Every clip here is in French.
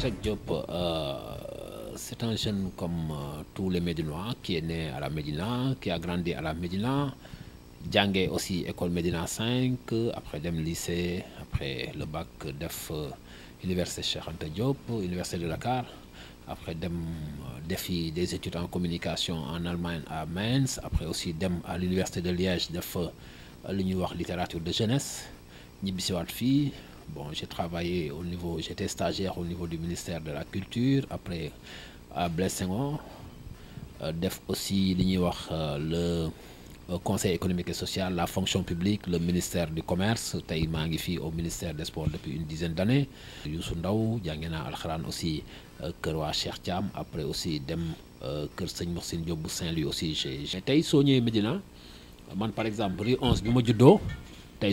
Jacques Diop, euh, c'est un jeune comme euh, tous les Médinois qui est né à la Médina, qui a grandi à la Médina. Djangé aussi, école Médina 5, après le lycée, après le bac d'EF, euh, Université Cheikh Diop, Université de Dakar. Après dem défi des études en communication en Allemagne à Mainz, après aussi dem à l'université de Liège def de littérature de jeunesse ñibbisiwaat fii Bon, j'ai travaillé au niveau, j'étais stagiaire au niveau du ministère de la Culture, après à Blessingon, euh, def aussi euh, le euh, conseil économique et social, la fonction publique, le ministère du commerce, Je Mangifi au ministère des sports depuis une dizaine d'années Youssou Ndaw Yangena naa aussi euh, Kerwa waa après aussi dem kër Mursin Moussine lui Saint-Louis aussi j'ai soigné soo man par exemple rue 11 je suis juddoo tey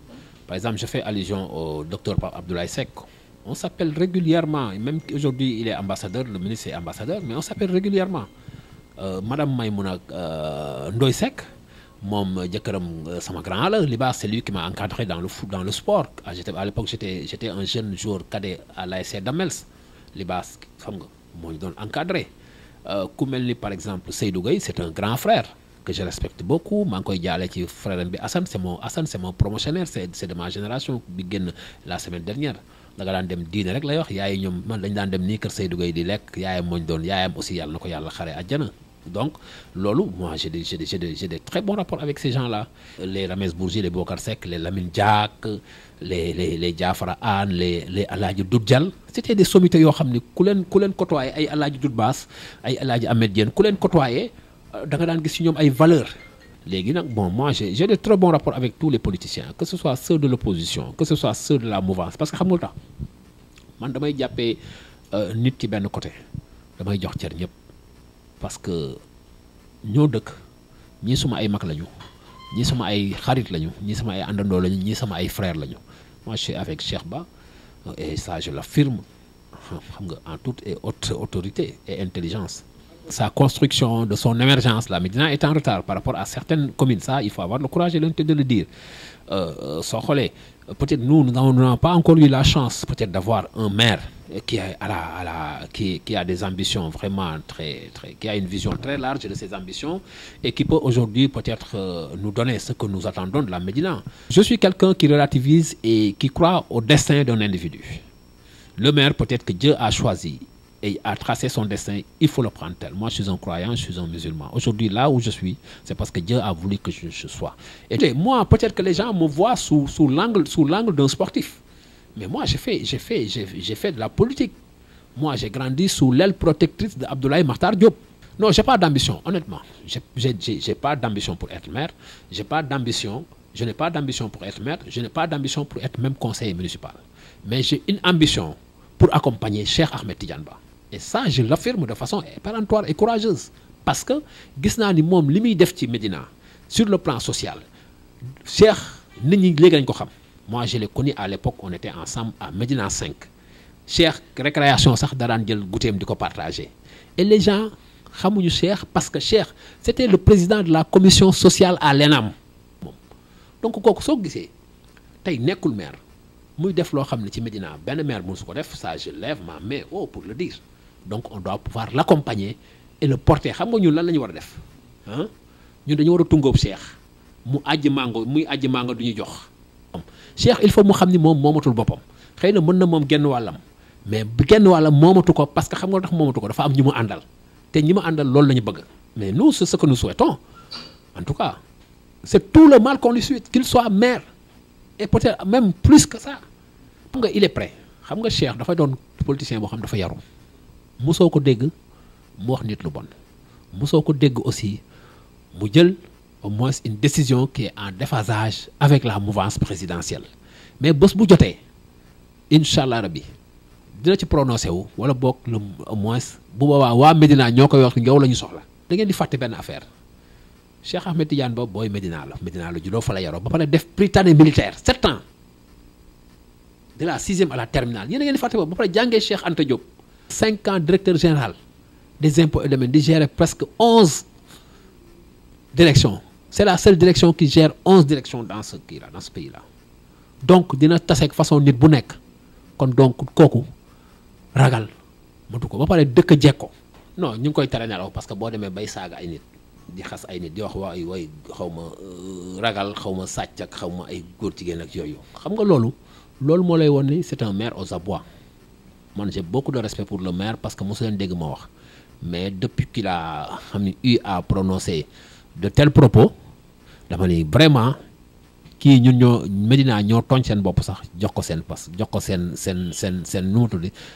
Par exemple, je fais allusion au docteur Abdoulaye Sek. On s'appelle régulièrement, même aujourd'hui il est ambassadeur, le ministre est ambassadeur, mais on s'appelle régulièrement. Euh, madame Maïmouna euh, Ndoy Sek, euh, c'est lui qui m'a encadré dans le dans le sport. Ah, à, l'époque, j'étais un jeune joueur cadet à l'ASC d'Amels. Les lui encadré. Euh, par exemple, Seydou c'est un grand frère que je respecte beaucoup maa ngi koy jaale ci frère bi Assane c'est mon Assane c'est mon promotionnaire c'est c'est de ma génération bi génn la semaine dernière da nga daan dem diine rek lay wax yaay ñom man dañ daan dem ni keur Seydou Gueye di lekk yaayam moñ doon yaayam aussi yalla nako yalla yàlla xare àjjana donc lolu moi j'ai des j'ai des j'ai des j'ai des très bons rapports avec ces gens-là les Ramès Bourgi les Bokar Sek, les Lamine diak les les les Diafara Anne les les aladji Dut Dial c'était des sommités yo xamni ku len ku len côtoyé ay aladji Dut Baas ay aladji Ahmed Diène ku len côtoyé euh, da nga daan gis ci ñoom ay valeur léegi nag bon moi j'ai de très bons rapports avec tous les politiciens que ce soit ceux de l'opposition que ce soit ceux de la mouvance parce que xam nga lu tax man damay jàppee euh, nit ci benn côté damay jox cër ñëpp parce que ñoo dëkk ñii suma ay mag lañu ñii sama ay xarit lañu ñii sama ay àndandoo lañu ñii sama ay frère lañu moi je suis avec Cheikh Ba euh, et ça je l'affirme xam nga en toute et haute autorité et intelligence sa construction, de son émergence. La Médina est en retard par rapport à certaines communes. Ça, il faut avoir le courage et l'honnêteté de le dire. Euh, euh peut-être nous, nous n'avons pas encore eu la chance peut-être d'avoir un maire qui a, à la, qui, qui a, des ambitions vraiment très, très, qui a une vision très large de ses ambitions et qui peut aujourd'hui peut-être euh, nous donner ce que nous attendons de la Médina. Je suis quelqu'un qui relativise et qui croit au destin d'un individu. Le maire peut-être que Dieu a choisi et a tracé son destin, il faut le prendre tel. Moi, je suis un croyant, je suis un musulman. Aujourd'hui, là où je suis, c'est parce que Dieu a voulu que je, sois. Et moi, peut-être que les gens me voient sous, sous l'angle d'un sportif. Mais moi, j'ai fait, j'ai fait, j'ai fait de la politique. Moi, j'ai grandi sous l'aile protectrice d'Abdoulaye Martar Diop. Non, j'ai pas d'ambition, honnêtement. J'ai pas d'ambition pour être maire. J'ai pas d'ambition. Je n'ai pas d'ambition pour être maire. Je n'ai pas d'ambition pour être même conseiller municipal. Mais j'ai une ambition pour accompagner cher Ahmed Tidjanba et ça je l'affirme de façon péremptoire et courageuse parce que gis naa ni mom li def ci Médina sur le plan social Cheikh nit ñi légui dañ ko xam moi je l'ai connu à l'époque on était ensemble à Medina 5 Cheikh récréation sax da daan jël goutem diko partager et les gens xamuñu Cheikh parce que Cheikh c'était le président de la commission sociale à l'ENAM donc kooku so gisee tay nekul maire muy def lo xamni ci Médina ben maire mënu su ko def ça je lève ma main oh pour le dire donc on doit pouvoir l'accompagner et le porter xam nga ñun lan lañu ñu war def hein ñun dañu war a tungóob cheikh mu àjj mango muy àjj mango du ñu jox. cheikh il faut mu xam ni moom moomatul boppam xëy na mën na moom genn wàllam mais genn wàllam moomatu ko parce que xam nga tax moomatu ko dafa am ñu mu àndal te ñi andal. àndal loolu la bëgg mais nous c'est ce que nous souhaitons en tout cas c'est tout le mal qu'on lui souhaite qu'il soit maire et peut-être même plus que ça xam nga il est prêt xam nga Cheikh dafa doon politicien boo xam dafa yarum mosoo ko dégg mu wax nit lu bon mosoo ko dégg aussi mu jël au moins une décision qui est en déphasage avec la mouvance présidentielle mais bés bu jotee inshallah allah rabbi dina ci prononcé wu wala boog le au moins bu boobaa waa Médina ñoo koy wax yow la ñu soxla. da ngeen di fàtte benn affaire Cheikh Ahmed Tidiane ba booy Médina la Médina la juddoo fa la yaroo ba pare def prytanée militaire sept ans de la sixième à la terminale yéen a ngeen di fàtte ba ba pare jàngee Cheikh Anta Diop. 50 ans directeur général des impôts et domaines, presque 11 directions. C'est la seule direction qui gère 11 directions dans ce pays là dans pays là donc façon de bu donc ragal ba de non pas koy parce que bay di ay nit wax way euh, ragal ak c'est un maire aux abois man j'ai beaucoup de respect pour le maire parce que monsieur leen ma wax mais depuis qu'il a eu à prononcer de tels propos dama ni vraiment ki ñun ñoo medina ñoo tooñ seen bopp sax jox ko sen passe jox ko s'en s'en sen s'en nu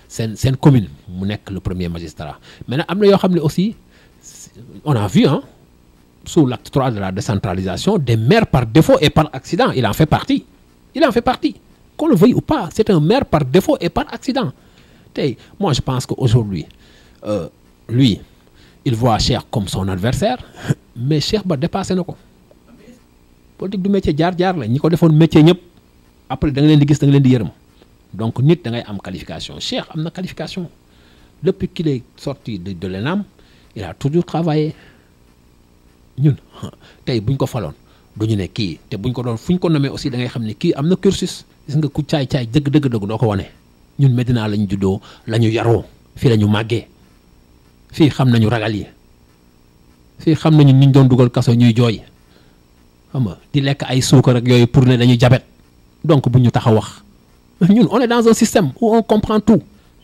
sen commune mu nek le premier magistrat mais nag am na aussi on a vu hein sous l'acte 3 de la décentralisation des maires par défaut et par accident il en fait partie il en fait partie qu'on le veuille ou pas c'est un maire par défaut et par accident moi je pense qu'aujourd'hui, euh, lui, il voit Cheikh comme son adversaire, mais Cheikh ba dépasser nous. politique du métier diar Il la Ni ko le métier après da nga une di donc nit da ngay qualification Cheikh a qualification depuis qu'il est sorti de l'ENAM il a toujours travaillé ñun buñ ko il aussi cursus ñun Medina lañu juddoo lañu ñu yaroo fii la ñu màggee fii xam nañu ragal yi fii xam nañu niñ doon dugal kaso ñuy jooy xam nga di lekk ay suukar ak yooyu pour ne dañuy jabet donc bu ñu tax wax ñun on est dans un système où on comprend tout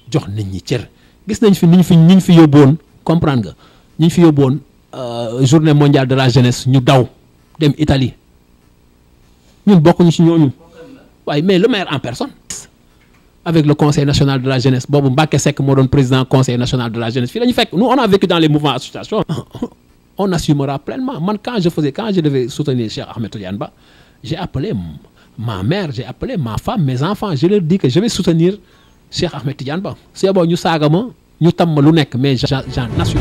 jox nit ñi cër gis nañ fi ñiñ fi ñiñ fi yóbbuwoon comprendre nga ñiñ fi yóbbuwoon euh, journée mondiale de la jeunesse ñu daw dem Italie ñun bokkuñu ci ñooñu waaye mais le maire en personne avec le Conseil national de la jeunesse. Bob Mbake Sek, président Conseil national de la jeunesse. Nous, on a vécu dans les mouvements d'association On assumera pleinement. quand je faisais, quand je devais soutenir Cheikh Ahmed Yanba, j'ai appelé ma mère, j'ai appelé ma femme, mes enfants. Je leur dis que je vais soutenir Cheikh Ahmed Yanba. C'est bon, nous savons, nous sommes mais j'en assume.